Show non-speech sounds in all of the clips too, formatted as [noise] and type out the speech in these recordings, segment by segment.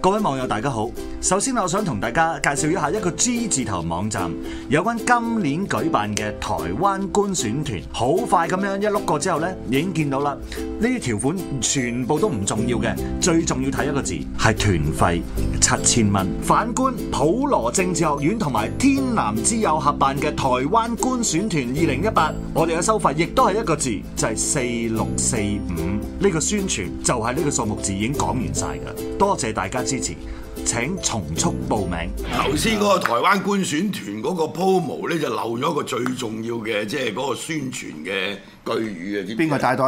各位網友，大家好。首先，我想同大家介紹一下一個 G 字頭網站，有關今年舉辦嘅台灣官選團。好快咁樣一碌過之後呢，已經見到啦。呢啲條款全部都唔重要嘅，最重要睇一個字，係團費七千蚊。反觀普羅政治學院同埋天南之友合辦嘅台灣官選團二零一八，我哋嘅收費亦都係一個字，就係四六四五。呢、呢個宣傳就係呢個數目字已經講完晒㗎，多謝大家支持。請從速報名。頭先嗰個台灣觀選團嗰個 promo 咧，就漏咗一個最重要嘅，即係嗰個宣傳嘅句語啊！邊個帶隊？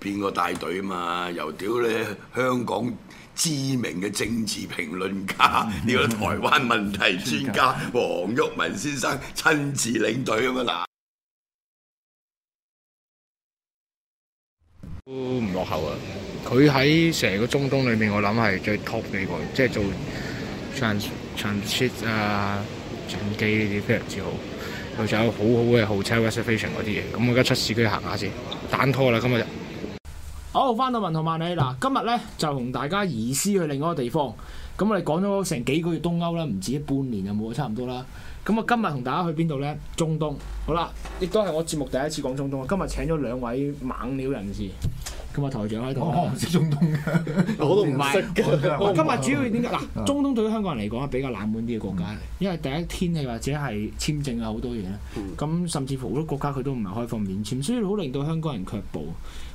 邊個帶隊啊嘛？又屌你，香港知名嘅政治評論家，呢個台灣問題專家黃毓民先生親自領隊啊嘛嗱。都唔落後啊！佢喺成個中東裏面我，我諗係最 top 嘅一個，即係做 Transit 啊、轉機呢啲非常之好。佢仲有好好嘅豪車、reservation 嗰啲嘢。咁我而家出市區行下先，單拖啦。今日就好返到文圖萬里嗱，今日咧就同大家移師去另外一個地方。咁我哋講咗成幾個月東歐啦，唔止半年就冇，差唔多啦。咁啊，今日同大家去邊度咧？中東，好啦，亦都係我節目第一次講中東啊。今日請咗兩位猛鳥人士，今日台長喺度。我唔識中東嘅，我都唔識我，識我識今日主要點解嗱？ [laughs] 中東對於香港人嚟講係比較冷門啲嘅國家、嗯、因為第一天氣或者係簽證啊好多嘢，咁、嗯、甚至乎好多國家佢都唔係開放免簽，所以好令到香港人卻步。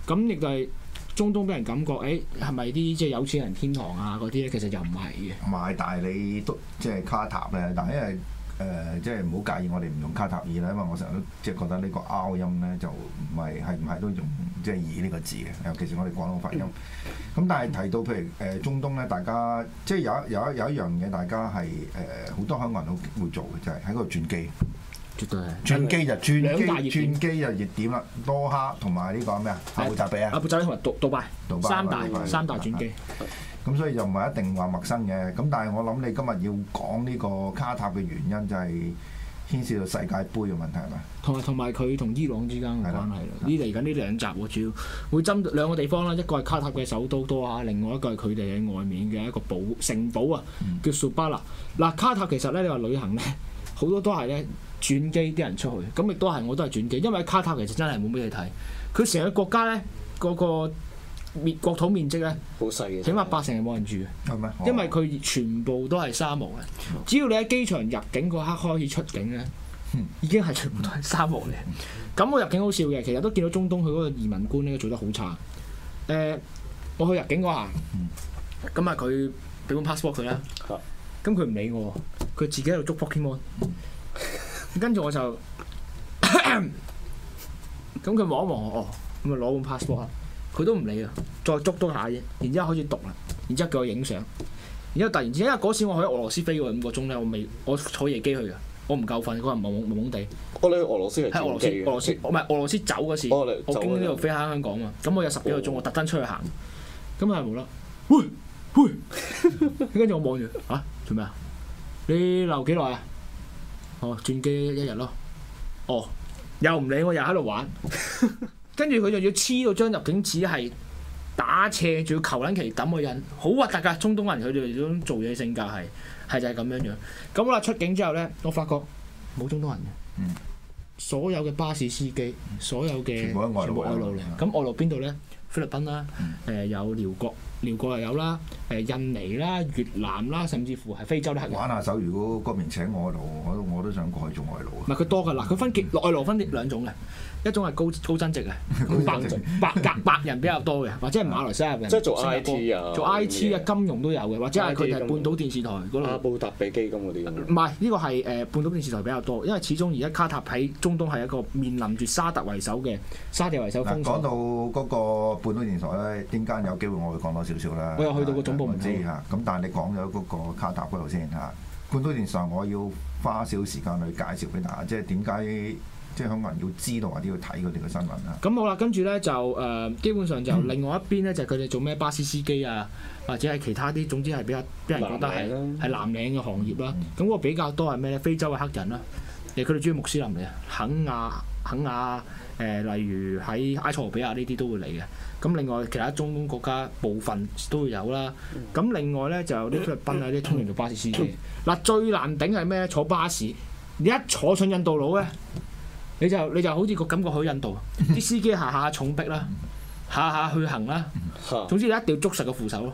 咁亦都係中東俾人感覺，誒係咪啲即係有錢人天堂啊嗰啲咧？其實就唔係嘅。唔係，但係你都即係卡塔咩？但係因為誒、呃，即係唔好介意我哋唔用卡塔爾啦，因為我成日都即係覺得個呢個拗音咧就唔係係唔係都用即係以呢個字嘅，尤其是我哋廣東發音。咁、嗯、但係提到譬如誒中東咧，大家即係有有一有一樣嘢，大家係誒好多香港人都會做嘅，就係喺嗰度轉機。絕對。轉機就轉機，轉機就熱點啦，多哈同埋呢個咩啊？阿布扎比啊。阿布扎比同埋杜杜巴拜，三大、這個、三大轉機。咁所以就唔係一定話陌生嘅，咁但係我諗你今日要講呢個卡塔嘅原因，就係牽涉到世界盃嘅問題，係咪？同埋同埋佢同伊朗之間嘅關係啦。呢嚟緊呢兩集喎，主要會針對兩個地方啦，一個係卡塔嘅首都多哈，另外一個係佢哋喺外面嘅一個堡城堡啊，叫索巴納。嗱、嗯，卡塔其實咧，你話旅行咧，好多都係咧轉機啲人出去，咁亦都係我都係轉機，因為卡塔其實真係冇咩嘢睇，佢成個國家咧嗰個面國土面積咧好細嘅，起碼八成係冇人住嘅，嗎因為佢全部都係沙漠嘅。哦、只要你喺機場入境嗰刻開始出境咧，嗯、已經係全部都係沙漠嚟。咁、嗯、我入境好笑嘅，其實都見到中東佢嗰個移民官咧做得好差。誒、呃，我去入境下，咁啊佢俾本 passport 佢啦，咁佢唔理我，佢自己喺度捉 pass、嗯、port 跟住我就，咁佢望一望我，咁啊攞本 passport。佢都唔理啊，再捉多下啫，然之後開始讀啦，然之後叫我影相，然之後突然之間，嗰時我喺俄羅斯飛個五個鐘咧，我未我坐夜機去嘅，我唔夠瞓，嗰日蒙蒙地。我、oh, 你去俄羅斯係喺俄羅斯，俄羅斯唔係俄羅斯走嗰次，oh, you 我經呢度的飛喺香港啊嘛，咁我有十幾個鐘，我特登出去行，咁又無啦，喂跟住我望住，啊做咩啊？你留幾耐啊？哦轉機一日咯，哦又唔理我，又喺度玩。 [laughs] 跟住佢就要黐到張入境紙係打斜，仲要求撚其抌個人，好核突㗎！中東人佢哋嗰種做嘢性格係係就係咁樣樣。咁啦，出境之後咧，我發覺冇中東人嘅，嗯、所有嘅巴士司機，所有嘅全部外勞嚟。咁外勞邊度咧？菲律賓啦，誒、嗯呃、有寮國。寮國又有啦，誒印尼啦、越南啦，甚至乎係非洲都係。玩下手，如果國民請外勞，我都我都想過去做外勞。唔係佢多㗎啦，佢分結外勞分兩種嘅，一種係高高增值嘅，白白人比較多嘅，或者係馬來西亞嘅人。即係做 I T 啊，有做 I IC ,啊，金融都有嘅，或者係佢係半島電視台嗰度。亞、啊、布達比基金嗰啲。唔係呢個係誒、呃、半島電視台比較多，因為始終而家卡塔喺中東係一個面臨住沙特為首嘅沙特為首。嗱、啊，講到嗰個半島電視台咧，點解有機會我會講多？少少啦，我有去到個總部唔知吓、嗯，咁但係你講咗嗰個卡塔嗰度先吓、啊。咁多件上我要花少時間去介紹俾大家，即係點解即係香港人要知道或者要睇佢哋嘅新聞啦、啊。咁、嗯、好啦，跟住咧就誒、呃，基本上就另外一邊咧就佢、是、哋做咩巴士司機啊，或者係其他啲，總之係比較俾人覺得係係藍領嘅行業啦。咁、嗯、個比較多係咩咧？非洲嘅黑人啦，誒，佢哋鍾意穆斯林嚟啊，肯亞。肯亞誒，例如喺埃塞俄比亞呢啲都會嚟嘅。咁另外其他中東國家部分都會有啦。咁另外咧就有啲菲律賓啊，啲通常做巴士司機。嗱，最難頂係咩？坐巴士，你一坐上印度佬咧，你就你就好似個感覺去印度，啲司機下下重逼啦。 [laughs] 下下去行啦，總之你一定要捉實個扶手咯。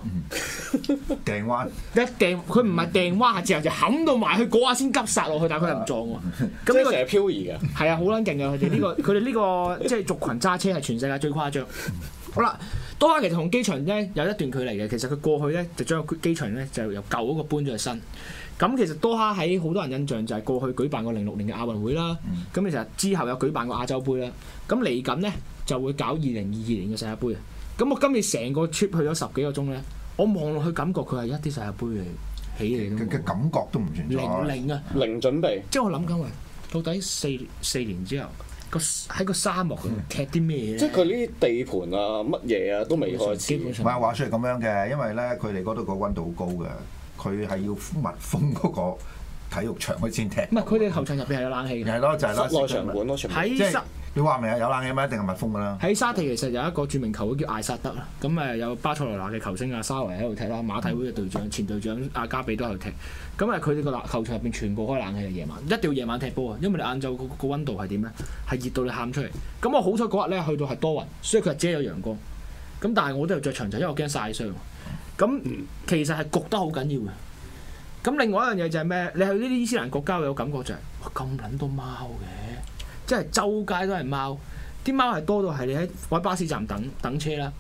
掟彎一掟，佢唔係掟彎之後，就冚到埋去嗰下先急剎落去，但係佢唔撞喎。咁呢、嗯這個係漂移嘅，係啊，好撚勁啊。佢哋呢個，佢哋呢個即係族群揸車係全世界最誇張。好啦，多哈其實同機場咧有一段距離嘅，其實佢過去咧就將個機場咧就由舊嗰個搬咗去新。咁其實多哈喺好多人印象就係過去舉辦過零六年嘅亞運會啦。咁其實之後有舉辦過亞洲杯啦。咁嚟緊咧。就會搞二零二二年嘅世界杯。啊！咁我今日成個 trip 去咗十幾個鐘咧，我望落去感覺佢係一啲世界杯嚟起嚟嘅，嘅感覺都唔存在零啊，零準備。即係我諗緊喂，到底四四年之後個喺個沙漠踢啲咩咧？嗯、即係佢啲地盤啊、乜嘢啊都未開，基本上，唔係話出嚟咁樣嘅，因為咧佢哋嗰度個温度好高嘅，佢係要密封嗰個體育場先踢。唔係佢哋球場入邊係有冷氣嘅。係咯，就係室外場館咯，喺你話明啊，有冷氣咩？一定係密封嘅啦。喺沙地其實有一個著名球會叫艾薩德啦，咁誒有巴塞羅那嘅球星阿沙維喺度踢啦，馬體會嘅隊長、前隊長阿加比都喺度踢。咁誒佢哋個球場入邊全部開冷氣嘅夜晚，一定要夜晚踢波啊，因為你晏晝個個温度係點咧？係熱到你喊出嚟。咁我好彩嗰日咧去到係多雲，所以佢係遮有陽光。咁但係我都有着長袖，因為我驚曬傷。咁其實係焗得好緊要嘅。咁另外一樣嘢就係咩？你去呢啲伊斯蘭國家有感覺就係、是、哇咁撚多貓嘅。即係周街都係貓，啲貓係多到係你喺喺巴士站等等車啦，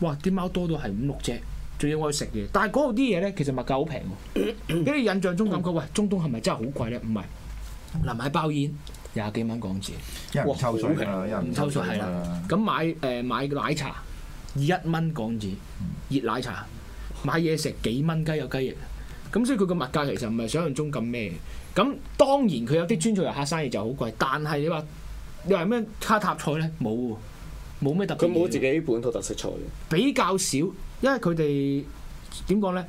哇！啲貓多到係五六隻，仲要去食嘅。但係嗰度啲嘢咧，其實物價好平喎。你印象中感覺，喂，中東係咪真係好貴咧？唔係，嗱，買包煙廿幾蚊港紙，國抽水啦，唔抽水係啦。咁買誒買奶茶一蚊港紙，熱奶茶買嘢食幾蚊雞有雞翼，咁所以佢個物價其實唔係想象中咁咩。咁當然佢有啲專做遊客生意就好貴，但係你話你話咩卡塔菜咧？冇喎，冇咩特別。佢冇自己本土特色菜嘅，比較少，因為佢哋點講咧，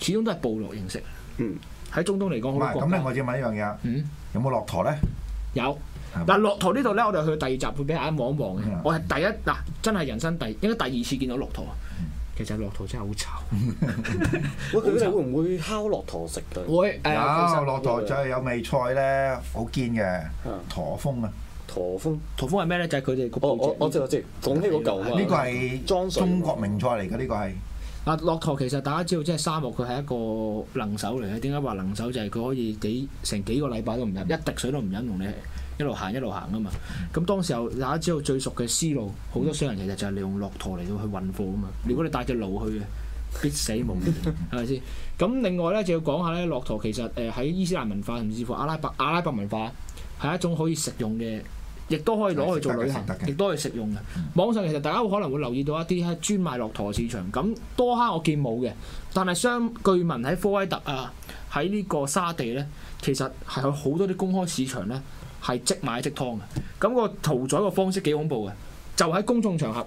始終都係部落形式。嗯，喺中東嚟講，好係咁咧，我要問一樣嘢，有冇駱駝咧？有，嗱，駱駝呢度咧，啊、我哋去第二集會俾大家望一望嘅。嗯嗯、我係第一嗱、啊，真係人生第一應該第二次見到駱駝。其實駱駝真係好醜，喂，佢哋會唔會烤駱駝食嘅？會，有駱駝就係有味菜咧，好堅嘅駝峯啊！駝峯駝峯係咩咧？就係佢哋個。我我我知我知，講起個舊啊，呢個係中國名菜嚟嘅。呢個係啊，駱駝其實大家知道，即係沙漠佢係一個能手嚟嘅。點解話能手？就係佢可以幾成幾個禮拜都唔飲一滴水都唔飲，同你。一路行一路行啊嘛！咁當時候，大家知道最熟嘅絲路，好多商人其實就係利用駱駝嚟到去運貨啊嘛。如果你帶隻驢去嘅，必死無疑係咪先？咁 [laughs] 另外咧，就要講下咧，駱駝其實誒喺伊斯蘭文化，甚至乎阿拉伯阿拉伯文化係一種可以食用嘅，亦都可以攞去做旅行，亦都可以食用嘅。嗯、網上其實大家可能會留意到一啲喺專賣駱駝市場咁多哈，我見冇嘅，但係相據聞喺科威特啊，喺呢個沙地咧，其實係有好多啲公開市場咧。係即買即劏嘅，咁、那個屠宰個方式幾恐怖嘅，就喺公眾場合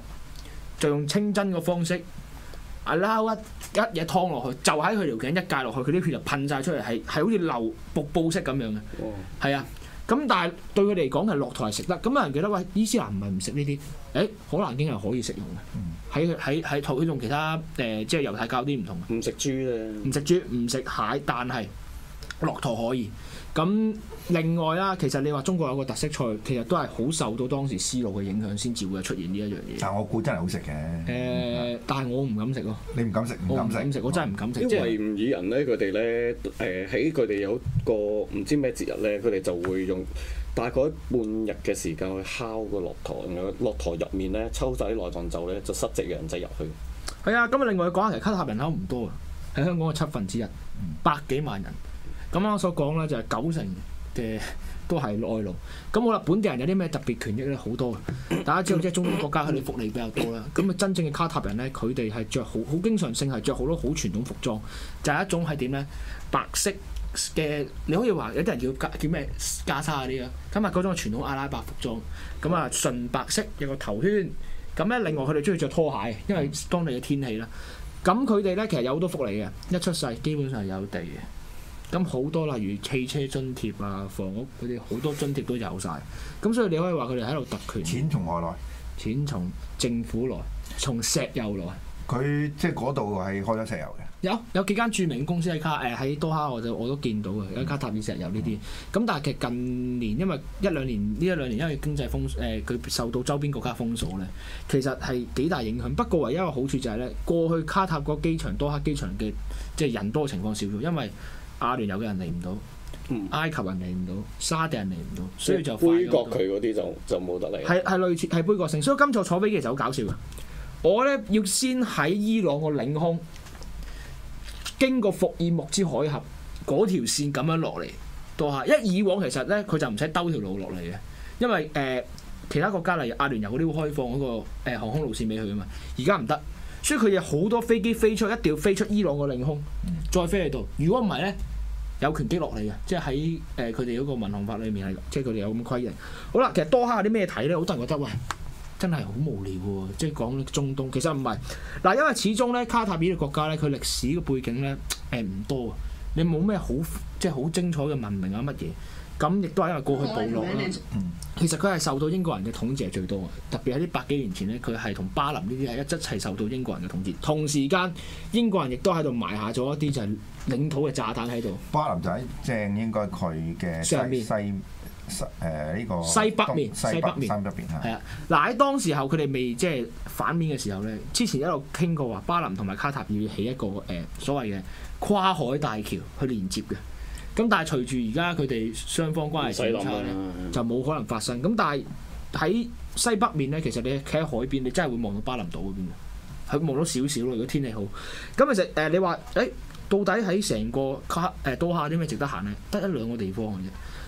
就用清真個方式，啊撈一一嘢劏落去，就喺佢條頸一界落去，佢啲血就噴晒出嚟，係係好似流瀑布式咁樣嘅，係、哦、啊，咁但係對佢哋嚟講係駱駝係食得，咁有人記得喂伊斯蘭唔係唔食呢啲，誒、欸、可蘭經係可以食用嘅，喺喺喺同用其他誒、呃、即係猶太教啲唔同，唔食豬咧，唔食豬唔食蟹，但係駱駝可以。咁另外啦，其實你話中國有個特色菜，其實都係好受到當時絲路嘅影響，先至會出現呢一樣嘢。但我估真係好食嘅。誒、呃，嗯、但係我唔敢食咯。你唔敢食，敢我唔敢食，嗯、我真係唔敢食。因為維吾爾人咧，佢哋咧誒喺佢哋有個唔知咩節日咧，佢哋就會用大概半日嘅時間去烤個駱駝，駱駝入面咧抽晒啲內臟就咧，就塞隻羊仔入去。係啊，咁啊，另外講下其實卡塔人口唔多啊，喺香港嘅七分之一，百幾萬人。咁啱我所講咧就係九成嘅都係外勞。咁好啦，本地人有啲咩特別權益咧？好多嘅，大家知，知道即係中東國家佢哋福利比較多啦。咁啊，真正嘅卡塔人咧，佢哋係着好好經常性係着好多好傳統服裝，就係、是、一種係點咧？白色嘅，你可以話有啲人叫叫咩加沙啲啦。咁啊，嗰種傳統阿拉伯服裝，咁啊純白色，有個頭圈。咁咧，另外佢哋中意着拖鞋，因為當地嘅天氣啦。咁佢哋咧其實有好多福利嘅，一出世基本上係有地嘅。咁好多，例如汽車津貼啊、房屋佢哋好多津貼都有晒。咁所以你可以話佢哋喺度特權。錢從何來？錢從政府來，從石油來。佢即係嗰度係開咗石油嘅。有有幾間著名公司喺卡誒喺多哈，我就我都見到嘅，有卡塔爾石油呢啲。咁、嗯嗯、但係其實近年因為一兩年呢一兩年因為經濟封誒佢、呃、受到周邊國家封鎖咧，其實係幾大影響。不過唯一個好處就係咧，過去卡塔個機場多哈機場嘅即係人多嘅情況少咗，因為。阿聯酋嘅人嚟唔到，埃及人嚟唔到，沙特人嚟唔到，所以就杯葛佢嗰啲就就冇得嚟。係係類似係杯葛性，所以今次坐飛機其實好搞笑噶。我咧要先喺伊朗個領空，經過霍爾木茲海峽嗰條線咁樣落嚟，都係一以往其實咧佢就唔使兜條路落嚟嘅，因為誒、呃、其他國家例如阿聯酋嗰啲會開放嗰、那個、呃、航空路線俾佢啊嘛，而家唔得，所以佢有好多飛機飛出一定要飛出伊朗個領空，嗯、再飛去到，如果唔係咧。有權擊落嚟嘅，即係喺誒佢哋嗰個民航法裏面係，即係佢哋有咁規定。好啦，其實多哈有啲咩睇咧？好多人覺得喂，真係好無聊喎，即係講中東。其實唔係，嗱，因為始終咧卡塔爾呢個國家咧，佢歷史嘅背景咧誒唔多啊，你冇咩好即係好精彩嘅文明啊乜嘢。咁亦都係因為過去部落啦，其實佢係受到英國人嘅統治係最多嘅，特別喺呢百幾年前咧，佢係同巴林呢啲係一一齊受到英國人嘅統治，同時間英國人亦都喺度埋下咗一啲就係領土嘅炸彈喺度。巴林就喺正，應該佢嘅西西誒面呢、呃呢個西北面，西北面，西北面，西面啊。係啊，嗱喺當時候佢哋未即係反面嘅時候咧，之前一路傾過話巴林同埋卡塔要起一個誒、呃、所謂嘅跨海大橋去連接嘅。咁但係隨住而家佢哋雙方關係轉差咧，就冇可能發生。咁但係喺西北面咧，其實你企喺海邊，你真係會望到巴林島嗰邊嘅，係望到少少咯。如果天氣好咁，其實誒、呃、你話誒、欸，到底喺成個卡誒、呃、多哈啲咩值得行咧？得一兩個地方嘅啫。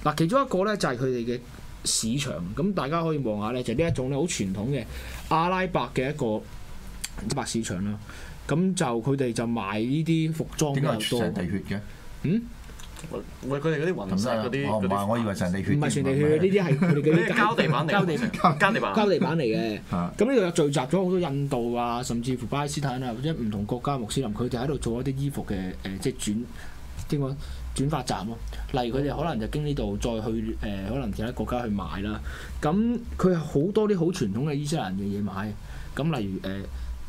嗱，其中一個咧就係佢哋嘅市場。咁大家可以望下咧，就呢一種咧好傳統嘅阿拉伯嘅一個白市場啦。咁就佢哋就賣呢啲服裝多，點解出成地血嘅？嗯？我佢哋嗰啲雲石嗰啲，我,些我以為成地血。唔係全地血，呢啲係佢哋啲膠地板嚟，膠膠 [laughs] 地板，膠地板嚟嘅。咁呢度又聚集咗好多印度啊，甚至乎巴基斯坦啊，或者唔同國家穆斯林，佢哋喺度做一啲衣服嘅誒、呃，即係轉點講轉發站咯、啊。例如佢哋可能就經呢度再去誒、呃，可能其他國家去買啦。咁佢好多啲好傳統嘅伊斯蘭嘅嘢買。咁例如誒。呃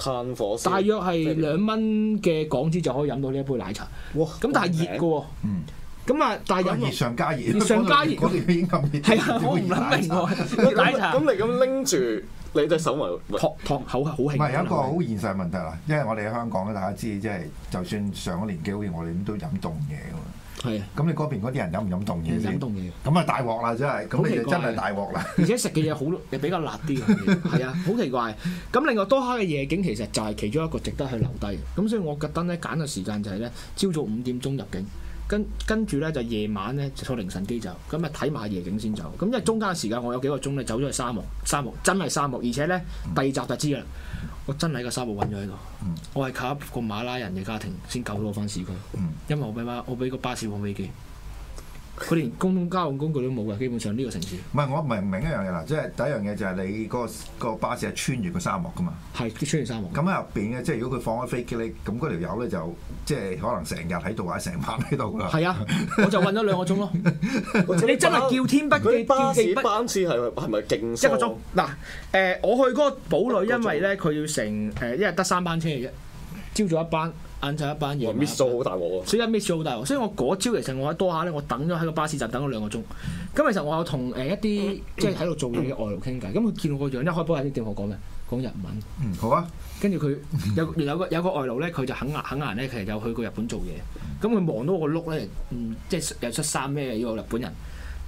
炭火，大約係兩蚊嘅港紙就可以飲到呢一杯奶茶。咁但係熱㗎喎。嗯。咁啊，但係飲熱上加熱，上加熱。嗰條已經咁熱，點會奶茶？奶茶，咁你咁拎住你對手咪托托口，係好興。唔係有一個好現實嘅問題啦，因為我哋喺香港咧，大家知，即係就算上咗年紀，好似我哋咁都飲凍嘢係，咁你嗰邊嗰啲人飲唔飲凍嘢先？飲凍嘢，咁啊大鑊啦，真係，咁奇你真係大鑊啦。而且食嘅嘢好又比較辣啲，嘅， [laughs] 係啊，好奇怪。咁另外多哈嘅夜景其實就係其中一個值得去留低。咁所以我特登咧揀個時間就係咧朝早五點鐘入境。跟跟住呢，就夜晚呢，就坐凌晨機、嗯、走，咁啊睇埋夜景先走。咁因為中間嘅時間我有幾個鐘呢，走咗去沙漠，沙漠真係沙漠，而且呢，嗯、第二集就知啦，我真係喺個沙漠揾咗喺度。嗯、我係靠一個馬拉人嘅家庭先救到我翻市區，嗯、因為我俾巴我俾個巴士望飛機。佢連公共交通工具都冇㗎，基本上呢個城市。唔係，我唔明明一樣嘢啦，即係第一樣嘢就係你嗰、嗰個嗰個巴士係穿越個沙漠㗎嘛？係，穿越沙漠。咁喺入邊咧，即係如果佢放開飛機咧，咁嗰條友咧就即係可能成日喺度或者成晚喺度㗎啦。係啊，我就運咗兩個鐘咯。 [laughs] [laughs] 你真係叫天不應，巴士班次係係咪勁？一個鐘嗱，誒，我去嗰個堡壘，因為咧佢要成誒一日得三班車嘅，啫，朝早一班。晏晝一班嘢，miss 好大鑊，所以一 miss 咗好大鑊，啊，所以我嗰朝其實我喺多下咧，我等咗喺個巴士站等咗兩個鐘。咁其實我有同誒一啲即係喺度做嘢嘅外勞傾偈。咁佢見到我樣一開波，喺啲點我講嘅講日文。好啊。跟住佢有有個有個外勞咧，佢就肯肯難咧，其實有去過日本做嘢。咁佢望到我個 look 咧，嗯，即係又出衫咩呢個日本人。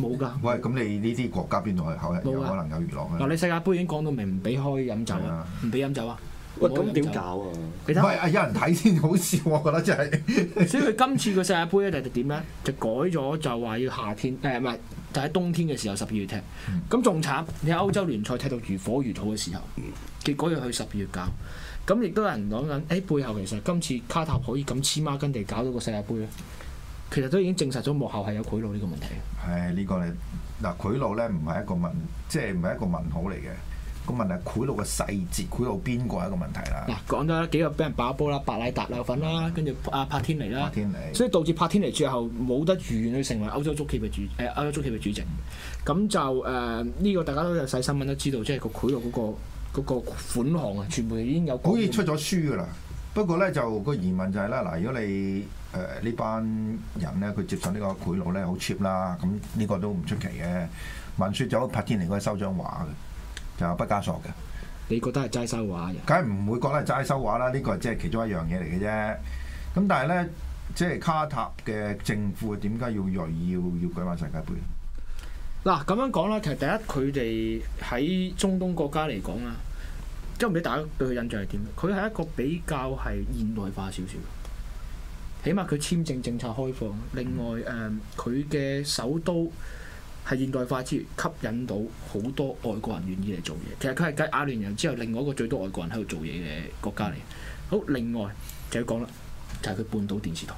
冇噶，喂，咁你呢啲國家邊度去後日有可能有熱浪咧？嗱，你世界杯已經講到明唔俾開飲酒啦，唔俾、啊、飲酒啊！喂，咁點搞啊？你睇，喂、啊，啊有人睇先好笑，我覺得真係。 [laughs] 所以佢今次個世界杯咧就點咧？就改咗就話要夏天，誒唔係就喺、是、冬天嘅時候十二月踢。咁仲、嗯、慘，你喺歐洲聯賽踢到如火如荼嘅時候，結果要去十二月搞。咁亦都有人講緊，誒、欸、背後其實今次卡塔普可以咁黐孖筋地搞到個世界杯咧。其實都已經證實咗幕後係有賄、哎這個、賄賂呢個問題。係呢個咧，嗱賄賂咧唔係一個問，即係唔係一個問號嚟嘅。個問題賄賂嘅細節，賄賂邊個係一個問題啦、啊。嗱講咗幾個俾人爆波啦，白禮達鬧粉啦，跟住阿柏天尼啦。柏天尼。所以導致柏天尼最後冇得如願去成為歐洲足協嘅主，誒歐洲足協嘅主席。咁就誒呢個大家都有睇新聞都知道，即係個賄賂嗰、那個那個款項啊，全部已經有好。好似出咗書㗎啦，不過咧就，就個疑問就係、是、啦，嗱如，如果你，你誒呢、呃、班人咧，佢接受呢個賄賂咧，好 cheap 啦。咁、嗯、呢、這個都唔出奇嘅。聞説咗 Platini 嗰收張畫嘅，就係畢加索嘅。你覺得係齋收畫嘅？梗係唔會覺得係齋收畫啦。呢、這個即係其中一樣嘢嚟嘅啫。咁但係咧，即係卡塔嘅政府點解要銳意要要,要舉辦世界盃？嗱，咁樣講啦，其實第一佢哋喺中東國家嚟講啊，即係唔知大家對佢印象係點？佢係一個比較係現代化少少。起碼佢簽證政策開放，另外誒佢嘅首都係現代化之餘，吸引到好多外國人願意嚟做嘢。其實佢係繼阿聯酋之後，另外一個最多外國人喺度做嘢嘅國家嚟。好，另外就要講啦，就係佢半島電視台。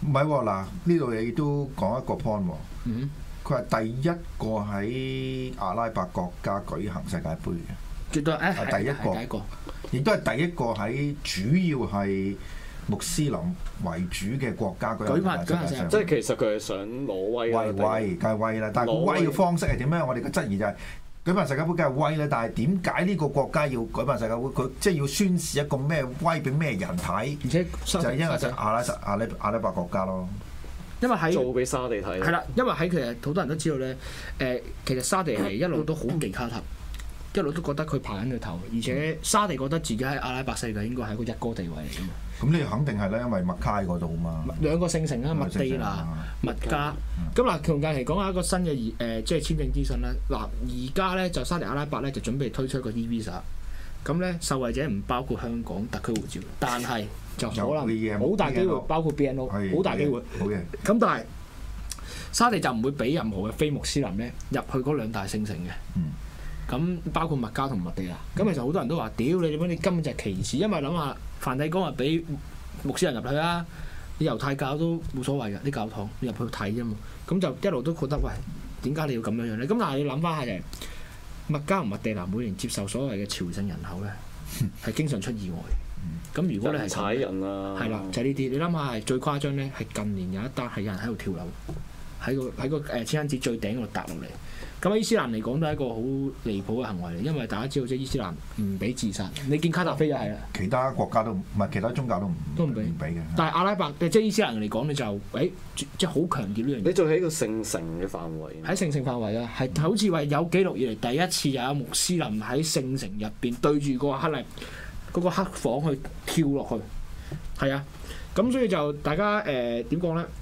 唔係喎，嗱呢度你都講一個 point 喎。嗯，佢係第一個喺阿拉伯國家舉行世界盃嘅，絕對誒係第一個，亦都係第一個喺主要係。穆斯林為主嘅國家舉辦，即係其實佢係想攞威，威。威威梗係威啦，但係威嘅方式係點咧？我哋嘅質疑就係、是、舉辦世界盃梗係威啦，但係點解呢個國家要舉辦世界盃？佢即係要宣示一個咩威俾咩人睇？而且就係因為阿拉伯特阿拉伯國家咯。因為喺做俾沙地睇了。係啦了，因為喺其實好多人都知道咧，誒，其實沙地係一路都好忌卡塔，塔。一路都覺得佢爬緊佢頭，而且沙地覺得自己喺阿拉伯世界應該係一個一哥地位嚟嘅嘛。咁呢、嗯、肯定係咧，因為麥加嗰度啊嘛。兩個聖城啦，麥地那、麥加。咁嗱、嗯，最、嗯、近嚟講一下一個新嘅誒，即、呃、係、就是、簽證資訊啦。嗱，而家咧就沙地阿拉伯咧就準備推出一個 E-Visa。咁咧受惠者唔包括香港特區護照，但係就可能好大機會包括 BNO，好大機會。好嘅。咁但係沙地就唔會俾任何嘅非穆斯林咧入去嗰兩大聖城嘅。嗯。咁包括麥加同麥地啊，咁其實好多人都話：屌你， [music] 你根本就歧視，因為諗下梵蒂岡啊，俾牧師入去啦，你猶太教都冇所謂嘅，啲教堂你入去睇啫嘛。咁就一路都覺得：喂，點解你要咁樣樣咧？咁但係你諗翻下嘅，麥加同麥地啊，每年接受所謂嘅朝聖人口咧，係 [laughs] 經常出意外。咁如果你係踩人啊，係啦，就呢、係、啲。你諗下係最誇張咧，係近年有一單係有人喺度跳樓。喺個喺個誒清真寺最頂嗰度搭落嚟。咁喺伊斯蘭嚟講都係一個好離譜嘅行為嚟，因為大家知道即係伊斯蘭唔俾自殺，你見卡達菲就係啊，其他國家都唔係，其他宗教都唔唔唔俾嘅。但係阿拉伯即係伊斯蘭嚟講你就誒，即係好強調呢樣嘢。你做喺個聖城嘅範圍，喺聖城範圍啦，啊，係好似話有記錄以嚟第一次又有穆斯林喺聖城入邊對住個克嚟嗰個黑房去跳落去，係啊，咁所以就大家誒點講咧？呃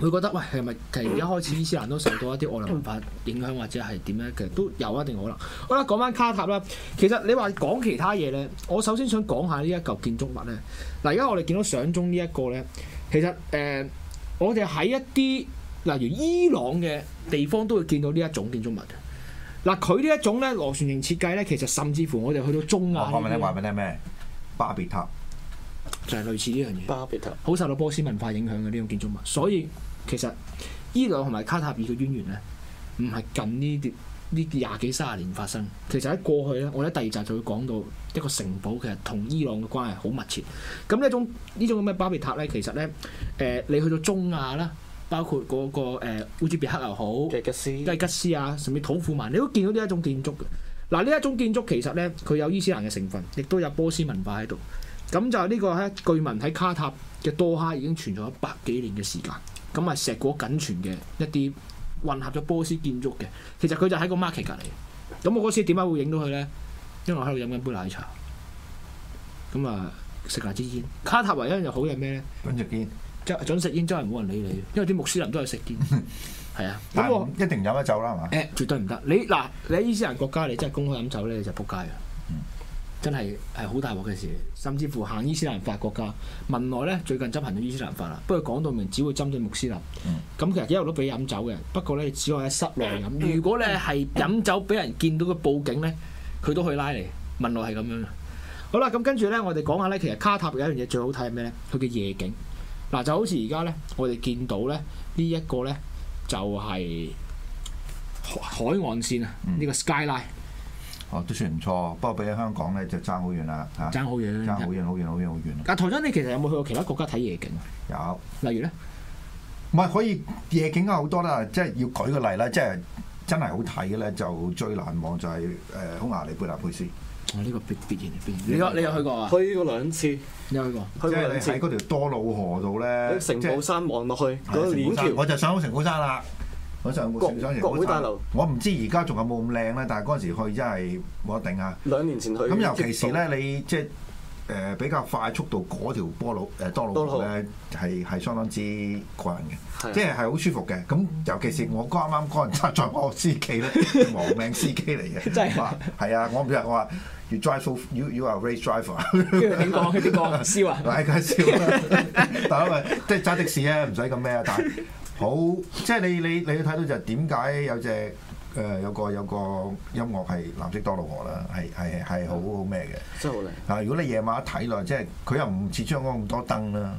佢覺得，喂，係咪其實一開始伊斯蘭都受到一啲外來文化影響，或者係點樣嘅，都有一定可能。好啦，講翻卡塔啦，其實你話講其他嘢咧，我首先想講下呢一嚿建築物咧。嗱，而家我哋見到相中呢、這、一個咧，其實誒、呃、我哋喺一啲例如伊朗嘅地方都會見到呢一種建築物。嗱，佢呢一種咧，螺旋形設計咧，其實甚至乎我哋去到中亞，講問你話咩？巴比塔就係類似呢樣嘢。巴比塔好受到波斯文化影響嘅呢種建築物，所以。其實伊朗同埋卡塔爾嘅淵源咧，唔係近呢啲呢廿幾三十年發生。其實喺過去咧，我喺第二集就會講到一個城堡其實同伊朗嘅關係好密切。咁呢一種呢種咁嘅巴比塔咧，其實咧誒、呃，你去到中亞啦，包括嗰、那個誒、呃、烏茲別克又好，吉吉斯吉斯啊，甚至土庫曼，你都見到呢一種建築。嗱，呢一種建築其實咧，佢有伊斯蘭嘅成分，亦都有波斯文化喺度。咁就係呢個據聞喺卡塔嘅多哈已經存咗百幾年嘅時間。咁啊，碩果僅存嘅一啲混合咗波斯建築嘅，其實佢就喺個 market 隔籬。咁我嗰時點解會影到佢咧？因為我喺度飲緊杯奶茶，咁啊食下支煙。卡塔維一樣好嘅咩咧？揾著煙，即係准，準食煙，真係冇人理你，因為啲穆斯林都係食煙，係 [laughs] 啊，我一定飲得酒啦嘛。誒，絕對唔得！你嗱，你喺伊斯蘭國家，你真係公開飲酒咧，你就仆街啦。嗯真係係好大鑊嘅事，甚至乎行伊斯蘭法國家，文萊咧最近執行咗伊斯蘭法啦。不過講到明，只會針對穆斯林。咁、嗯、其實一路都俾飲酒嘅，不過咧只可以喺室內飲。嗯、如果咧係飲酒俾人見到嘅報警咧，佢都可以拉嚟。文萊係咁樣嘅。好啦，咁跟住咧，我哋講下咧，其實卡塔有一樣嘢最好睇係咩咧？佢嘅夜景嗱，就好似而家咧，我哋見到咧呢一、這個咧就係、是、海岸線啊，呢、這個 skyline、嗯。哦，都算唔錯，不過比起香港咧就爭好遠啦嚇。爭好遠，爭好遠好遠好遠好遠。啊，台長，你其實有冇去過其他國家睇夜景啊？有。例如咧？唔係可以夜景啊好多啦，即係要舉個例啦，即係真係好睇嘅咧，就最難忘就係誒匈牙利布達佩斯。呢個必必見必見。你有你有去過啊？去過兩次。你有去過？去過兩次。喺嗰條多瑙河度咧，城堡山望落去嗰，連我就上好城堡山啦。嗰上嗰時，國會大樓，我唔知而家仲有冇咁靚咧，但係嗰陣時去真係冇得定啊！兩年前去，咁尤其是咧，局你即係誒、呃、比較快速度嗰條波路誒、呃、多路呢多路咧，係係相當之過癮嘅，的即係係好舒服嘅。咁尤其是我啱啱剛揸咗我司機咧， [laughs] 亡命司機嚟嘅， [laughs] 真係係啊！我唔係我話，you drive off, you you are race driver。邊個？邊個？思華？大家笑啦！大即係揸的士咧，唔使咁咩啊？但係。好，即係你你你要睇到就點解有隻誒、呃、有個有個音樂係藍色多瑙河啦，係係係好好咩嘅。嗯、真係好靚！啊，如果你夜晚一睇落，即係佢又唔似珠江咁多燈啦，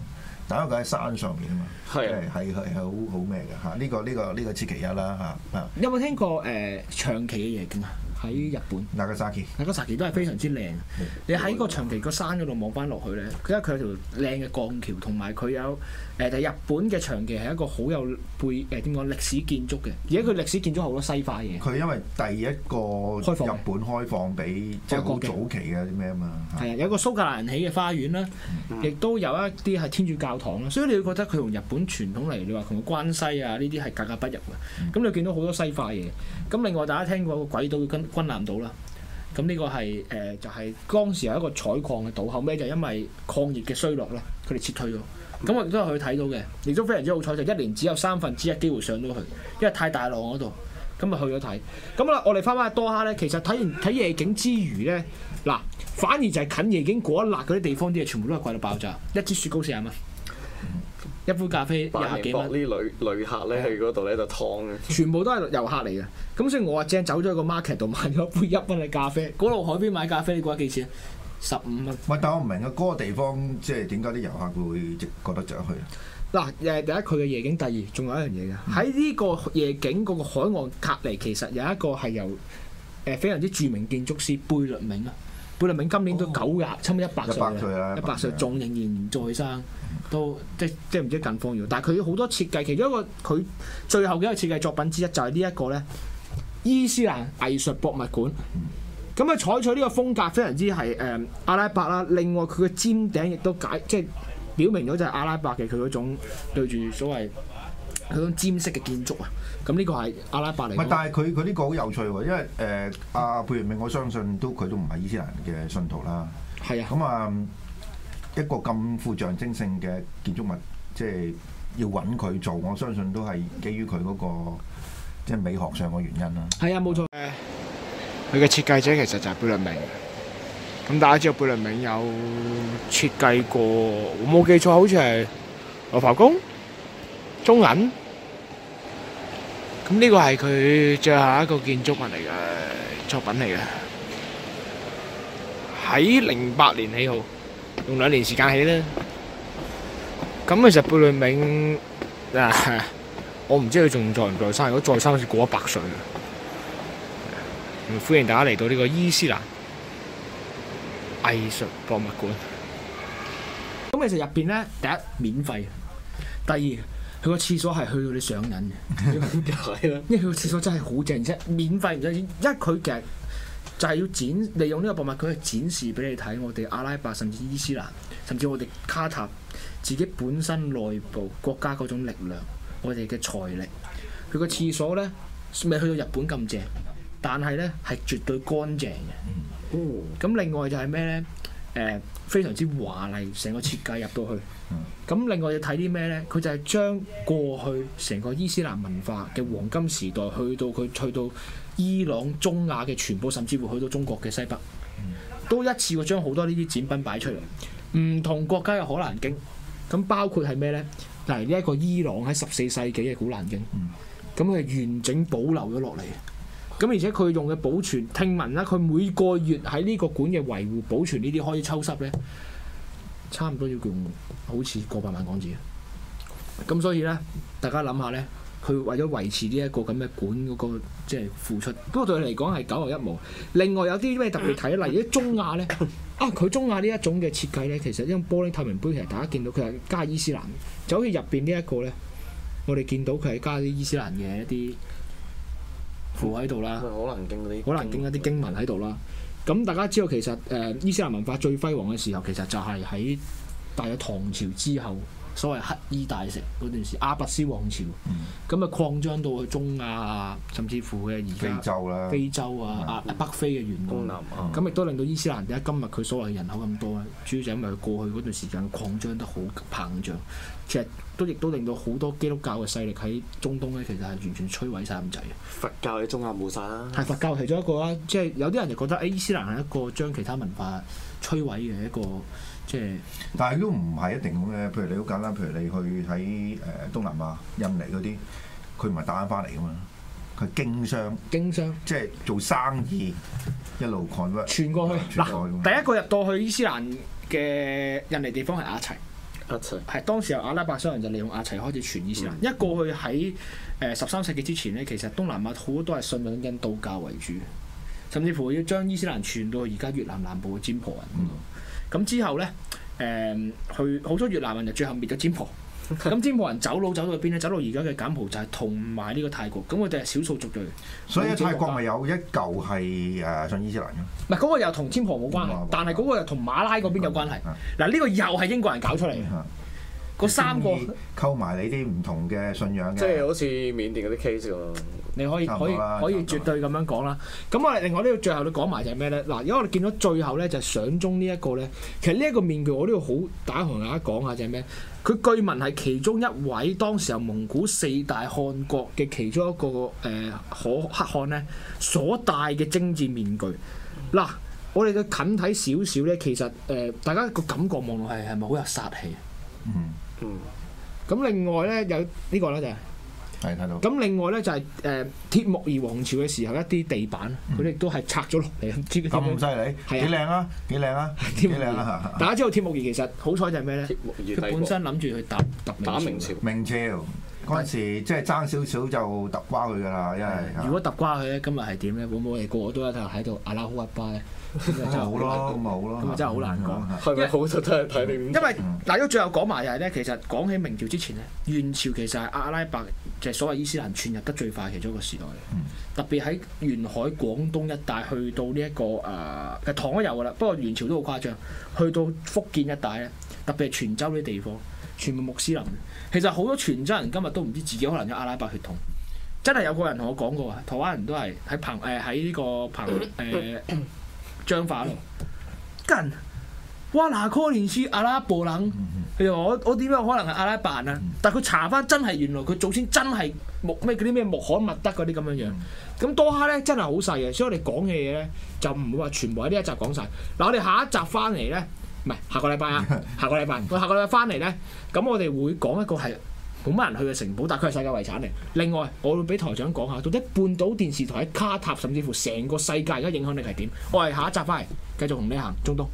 但係佢喺山上邊啊嘛，係係係好好咩嘅嚇，呢個呢個呢個之其一啦嚇嚇。有冇聽過誒長期嘅夜景啊？呃喺日本，嗱加薩基，嗱加薩基都係非常之靚。嗯、你喺個長崎個山嗰度望翻落去咧，因為佢有條靚嘅鋼橋，同埋佢有但係、呃、日本嘅長崎係一個好有背誒點講歷史建築嘅，而且佢歷史建築好多西化嘢。佢因為第一個日本開放,開放,本開放俾即係好早期嘅啲咩啊嘛，係啊，有個蘇格蘭人起嘅花園啦，亦、嗯、都有一啲係天主教堂啦。所以你會覺得佢同日本傳統嚟，你話同關西啊呢啲係格格不入嘅。咁、嗯、你見到好多西化嘢。咁另外大家聽過個鬼都跟。軍艦島啦，咁呢個係誒、呃、就係、是、當時係一個採礦嘅島，後尾就因為礦業嘅衰落啦，佢哋撤退咗。咁我亦都去睇到嘅，亦都非常之好彩，就一年只有三分之一機會上到去，因為太大浪嗰度。咁啊去咗睇，咁啊我哋翻返去多哈咧，其實睇完睇夜景之餘咧，嗱反而就係近夜景過一辣嗰啲地方啲嘢，全部都係貴到爆炸，一支雪糕四廿蚊。一杯咖啡廿幾蚊，啲旅旅客咧去嗰度咧度劏嘅， [laughs] 全部都係遊客嚟嘅。咁所以我阿 j 走咗去個 market 度買咗一杯一杯嘅咖啡。嗰度 [laughs] 海邊買咖啡，你估幾錢啊？十五蚊。喂，但我唔明啊，嗰、那個地方即係點解啲遊客會即覺得值得去嗱，誒、啊、第一佢嘅夜景，第二仲有一樣嘢嘅。喺呢、嗯、個夜景嗰個海岸隔離，其實有一個係由誒非常之著名建築師貝聿銘啊。貝聿銘今年都九廿、哦、差唔多一百歲啦，一百歲仲仍然唔再生。都即即唔知近方。要，但係佢好多設計，其中一個佢最後幾個設計作品之一就係呢一個咧伊斯蘭藝術博物館。咁啊、嗯，採取呢個風格非常之係誒阿拉伯啦。另外佢嘅尖頂亦都解即表明咗就係阿拉伯嘅佢嗰種對住所謂嗰種尖式嘅建築啊。咁呢個係阿拉伯嚟。但係佢佢呢個好有趣喎，因為誒阿貝聿銘，呃、明我相信都佢都唔係伊斯蘭嘅信徒啦。係啊。咁啊。嗯一個咁富象徵性嘅建築物，即係要揾佢做，我相信都係基於佢嗰個即係美學上嘅原因啦。係啊，冇錯嘅。佢嘅設計者其實就係貝聿銘。咁大家知啊知道，貝聿銘有設計過，我冇記錯，好似係羅浮宮、中銀。咁呢個係佢最後一個建築物嚟嘅作品嚟嘅，喺零八年起好。用兩年時間起啦，咁其實貝聿銘嗱，我唔知佢仲在唔在生，如果在生好似過一百歲。唔歡迎大家嚟到呢個伊斯蘭藝術博物館，咁其實入邊咧，第一免費，第二佢個廁所係去到你上癮嘅， [laughs] [laughs] 因為佢個廁所真係好正，而且免費，而且一佢勁。就係要展利用呢個博物館去展示俾你睇，我哋阿拉伯甚至伊斯蘭，甚至我哋卡塔自己本身內部國家嗰種力量，我哋嘅財力。佢個廁所呢，未去到日本咁正，但係呢係絕對乾淨嘅。咁另外就係咩呢？誒、呃，非常之華麗，成個設計入到去。咁另外要睇啲咩呢？佢就係將過去成個伊斯蘭文化嘅黃金時代，去到佢去到。伊朗、中亞嘅全部，甚至會去到中國嘅西北，嗯、都一次過將好多呢啲展品擺出嚟。唔同國家嘅古蘭經，咁包括係咩呢？嗱，呢一個伊朗喺十四世紀嘅古蘭經，咁佢完整保留咗落嚟。咁而且佢用嘅保存，聽聞啦，佢每個月喺呢個館嘅維護保存呢啲，開始抽濕呢，差唔多要用好似過百萬港紙。咁所以呢，大家諗下呢。佢為咗維持呢一個咁嘅管嗰個即係付出，不過對佢嚟講係九牛一毛。另外有啲咩特別睇，例如啲中亞呢？啊，佢中亞呢一種嘅設計呢，其實因玻璃透明杯，其實大家見到佢係加伊斯蘭，就好似入邊呢一個呢，我哋見到佢係加啲伊斯蘭嘅一啲符喺度啦。好難經嗰啲，好難經一啲經文喺度啦。咁、嗯、大家知道其實誒、呃、伊斯蘭文化最輝煌嘅時候，其實就係喺大約唐朝之後。所謂黑衣大食嗰段時，阿拔斯王朝，咁啊、嗯、擴張到去中亞啊，甚至乎嘅而非洲啦、非洲啊、嗯、北非嘅沿岸，咁亦都令到伊斯蘭點解今日佢所謂人口咁多咧？嗯、主要就因為佢過去嗰段時間擴張得好膨脹，其實都亦都令到好多基督教嘅勢力喺中東咧，其實係完全摧毀晒咁滯嘅。佛教喺中亞冇晒啦，係佛教其中一個啦，即、就、係、是、有啲人就覺得，哎、欸，伊斯蘭係一個將其他文化摧毀嘅一個。即係，但係都唔係一定嘅。譬如你好簡單，譬如你去睇誒東南亞、印尼嗰啲，佢唔係打翻嚟嘅嘛，佢經商。經商即係做生意，一路傳過去。第一個入到去伊斯蘭嘅印尼地方係阿齊，阿、啊、齊係當時候阿拉伯商人就利用阿齊開始傳伊斯蘭。一、嗯、過去喺誒十三世紀之前咧，其實東南亞好多係信奉緊印度教為主，甚至乎要將伊斯蘭傳到而家越南南，南部嘅占婆人、嗯咁之後咧，誒、嗯、去好多越南人就最後滅咗占婆。咁占 [laughs] 婆人走佬走到邊咧？走到而家嘅柬埔寨同埋呢個泰國。咁佢哋係少數族裔。所以國泰國咪有一嚿係誒信伊斯蘭嘅。唔係嗰個又同占婆冇關係，但係嗰個又同馬拉嗰邊有關係。嗱呢、啊呢個又係英國人搞出嚟。嗰、嗯嗯嗯、三個溝埋你啲唔同嘅信仰嘅。即係好似緬甸嗰啲 case 咁。你可以可以可以絕對咁樣講啦。咁我哋另外呢度最後都講埋就係咩咧？嗱，因為我哋見到最後咧，就係相中呢一個咧，其實呢一個面具我都要好大家同大家講下就，就係咩？佢據聞係其中一位當時由蒙古四大汗國嘅其中一個誒可、呃、黑汗咧所戴嘅精緻面具。嗱、呃，我哋嘅近睇少少咧，其實誒、呃、大家個感覺望落係係咪好有殺氣？嗯嗯。咁另外咧有個呢個咧就係。咁另外咧就係、是、誒、呃、鐵木兒王朝嘅時候一啲地板，佢哋、嗯、都係拆咗落嚟。咁犀利，幾靚 [laughs] 啊，幾靚啊，幾靚啊！大家知道鐵木兒其實好彩就係咩咧？佢木本身諗住去打打，打明朝。明朝。明朝嗰陣時，即係爭少少就揼瓜佢㗎啦，因為如果揼瓜佢咧，今日係點咧？會唔會我哋個個都一齊喺度阿拉哭阿巴咧？唉就好咯，咁咪好咯，咁咪真係好難講嚇。係咪好就真係睇你？因為嗱，要最後講埋就係、是、咧，其實講起明朝之前咧，元朝其實係阿拉伯即係、就是、所謂伊斯蘭傳入得最快其中一個時代。特別喺沿海廣東一帶，去到呢、這、一個誒，其、呃、實唐都有㗎啦。不過元朝都好誇張，去到福建一帶咧，特別係泉州啲地方。全部穆斯林，其實好多泉州人今日都唔知自己可能有阿拉伯血統。真係有個人同我講過，台灣人都係喺彭誒喺呢個彭誒、呃、張化路，跟，哇， [coughs] 哪棵連樹阿拉伯冷，佢就話我我點樣可能係阿拉伯人啊？但佢查翻，真係原來佢祖先真係穆咩嗰啲咩穆罕默德嗰啲咁樣樣。咁、嗯、哼多哈咧真係好細嘅，所以我哋講嘅嘢咧就唔會話全部喺呢一集講晒。嗱，我哋下一集翻嚟咧。唔係下個禮拜啊，下個禮拜，佢 [laughs] 下個禮拜翻嚟咧，咁我哋會講一個係冇乜人去嘅城堡大，但佢係世界遺產嚟。另外，我會俾台長講下，到底半島電視台喺卡塔，甚至乎成個世界而家影響力係點。我哋下一集翻嚟繼續同你行中東。